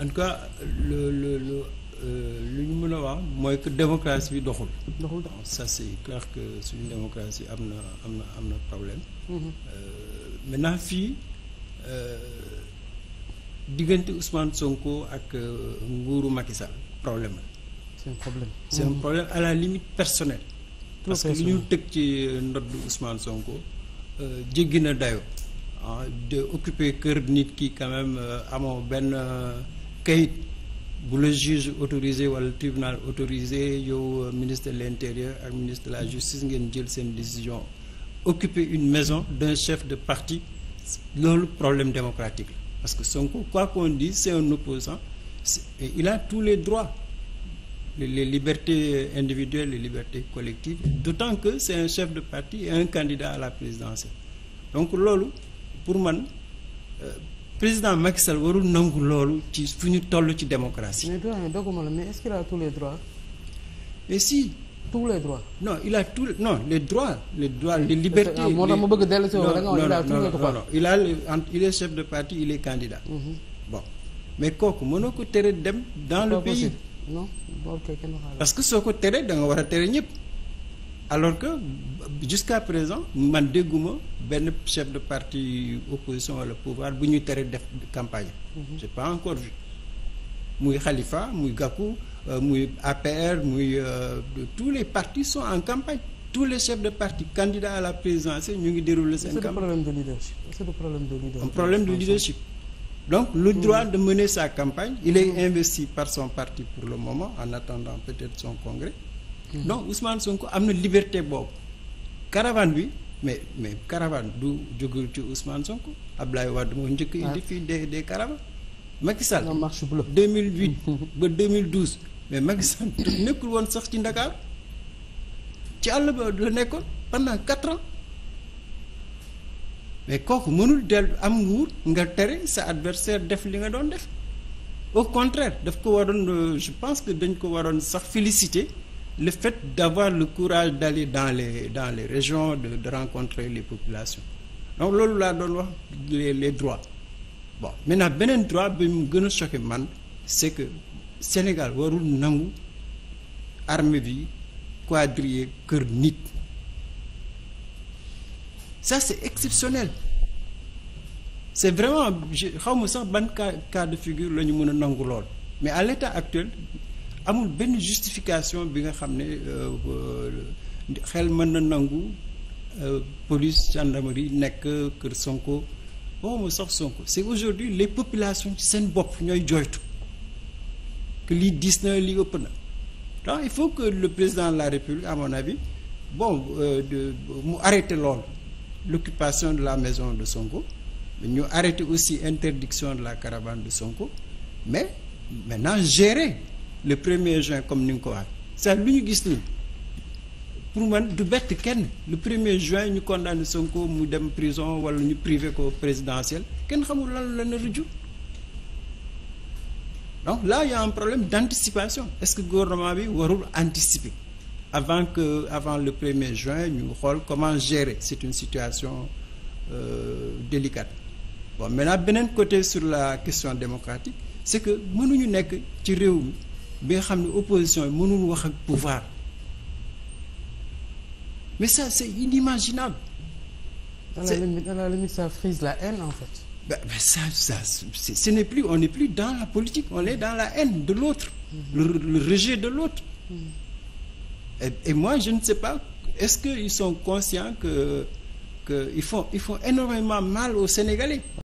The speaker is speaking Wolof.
en tout euh, lu ñu mën a wax mooy que démocratie bi doxul. doxul ça c' est clair que suñu démocratie am na am na am na problème. Mhm. Euh, maintenant fii euh, diggante Ousmane Sonko ak nguuru Macky Sall problème la. c' est un problème c' est un mhm. parce que li ñu tëg ci ndodd Ousmane Sonko jéggi na dayoo ah occuper kër nit ki quand même amoo benn. kayit bu la juge autorisé wala tribunal autorisé yow euh, ministre de l'intérieur ak ministre de la justice ngeen jël seen décision occuper une maison d'un chef de parti loolu problème démocratique la parce que Sonko quoi qu'on dise c'est un opposant il a tous les droits les, les libertés individuelles les libertés collectives d'autant que c'est un chef de parti et un candidat à la présidentielle donc loolu pour man euh, président Macky Sall warul nangu loolu ci fu ñu toll ci démocratie. mais doyen doguma mais est tous les droits. mais si. tous les droits. non il a tous non les droits les droits les libertés. Ah, moo tax ma bëgg a dellu si wala nga a les droits. de parti il est candidat. Mhm. bon mais kooku mënoo ko tere dem. dans le pays non parce que soo ko teree da nga war a tere ñëpp. alors que jusqu'à présent man dégguma benn chef de parti opposition wala pouvoir bu ñuy teree def campagne mhm. j'ai pas encore vu muy Khalifa muy Gakou euh, muy APR muy euh, tous les partis sont en campagne tous les chefs de parti candidats à la présidence ñu ngi dérouler seen campagne c'est le problème de leadership c'est le problème de leadership un problème de leadership donc le mhm. droit de mener sa campagne il est mhm. investi par son parti pour le moment en attendant peut-être son congrès non Ousmane Sonko am na liberté boobu caravane bi mais mais caravane du jógul ci Ousmane Sonko Abdoulaye Wade moo njëkk indi ah. fii des des caravanes Macky Sall marche bleue 2008 ba 2012 mais Macky nekkul woon sax ci Ndakaar ci àll ba la nekkoon pendant quatre ans mais kooku mënul dellu am nguur nga tere sa adversaire def li nga doon def au contraire daf ko waroon euh, je pense que dañ ko waroon sax féliciter le fait d'avoir le courage d'aller dans les dans les région de, de rencontrer les population donc loolu laa doon wax les les droits bon maintenant beneen droit bi mu gën a choqué man c'est que Sénégal warul nangu armée bi quadriller kër nit ça c'est exceptionnel c'est vraiment xaw ma sax ban cas cas de figure la ñu mën a nangu lool mais à l'état actuel amul benn justification bi nga xam ne euh, xel mën na nangu euh, police gendarmerie nekk kër Sonko waxuma sax Sonko c'est aujourd'hui les populations ci seen bopp ñooy joytu que lii diis na li ëpp na il faut que le président de la République amoon mon bi bon euh, de mu arrêter loolu l'occupation de la maison de Sonko ñu arrêter aussi interdiction de la caravane de Sonko mais maintenant gérer le premier juin comme ni nga ko waxee ça lu ñu gis nii pour man du bett kenn le premier juin ñu condamné Sonko mu dem prison wala ñu privé ko présidentiel kenn xamul lan la na rujju donc là il y a un problème d'anticipation est-ce que gouvernement bi warul anticiper avant que avant le premier juin ñu xool comment gérer c'est une situation euh, délicate bon maintenant beneen côté sur la question démocratique c'est que mënuñu nekk ci réew mi bi nga xam ne opposition yi mënul wax ak pouvoir mais ça c'est inimaginable. dans la limite dans la limite ça frise la haine en fait. Bah, bah ça ce n'est plus on n'est plus dans la politique on est dans la haine de l'autre mm le, rejet de l'autre mm-hmm. et, et moi je ne sais pas est-ce que ils sont conscients que que ils font ils font énormément mal aux Sénégalais